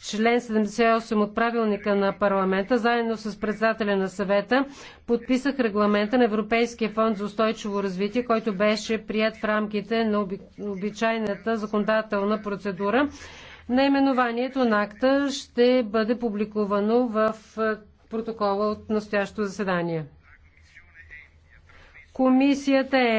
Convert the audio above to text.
член 78 от правилника на парламента, заедно с председателя на съвета, подписах регламента на Европейския фонд за устойчиво развитие, който беше прият в рамките на обичайната законодателна процедура. Наименованието на акта ще бъде публикувано в е, протокола от настоящото заседание. Комисията е